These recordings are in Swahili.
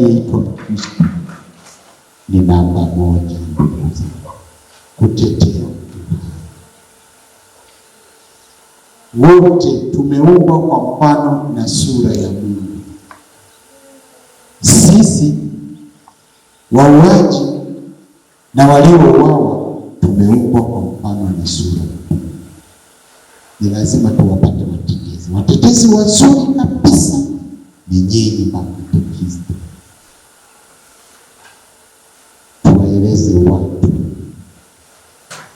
Yetu Kristo ni namba moja kutetea. Wote tumeumbwa kwa mfano na sura ya Mungu. Sisi wauaji na waliouawa tumeumbwa kwa mfano na sura ya Ni lazima tuwapate watetezi. Watetezi wazuri kabisa ni nyinyi baba waeleze watu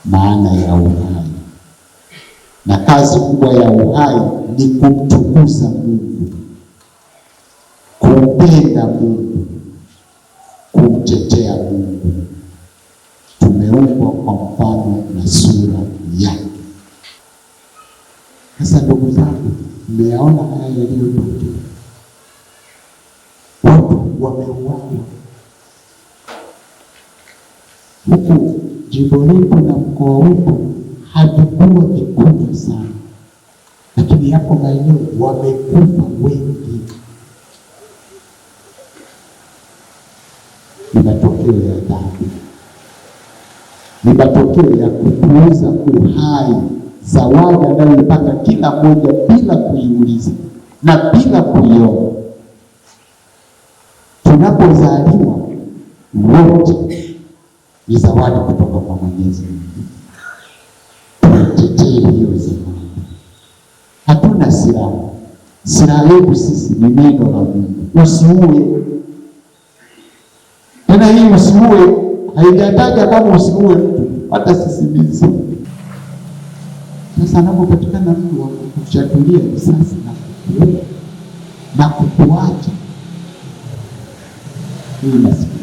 maana ya uhai, na kazi kubwa ya uhai ni kumtukuza Mungu, kumpenda Mungu, kumtetea Mungu. Tumeumbwa kwa mfano na sura yake. Sasa ndugu zangu, mmeyaona haya yaliyotokea, watu wameuawa huku jimbo letu na mkoa wetu hatukuwa kikubwa sana, lakini yako maeneo wamekufa wengi. Ni matokeo ya dhambi, ni matokeo ya kupuuza uhai, zawadi anayoipata kila mmoja bila kuiuliza na bila kuiona. Tunapozaliwa wote ni zawadi kutoka kwa Mwenyezi Mungu. Tuitetee hiyo zawadi, hatuna silaha. Silaha yetu sisi ni neno la Mungu, usiue. Tena hii usiue haijataja kama usiue mtu, hata sisimizi. Sasa anapopatikana mtu wa kukushambulia risasi na kukuua na kukuacha, hii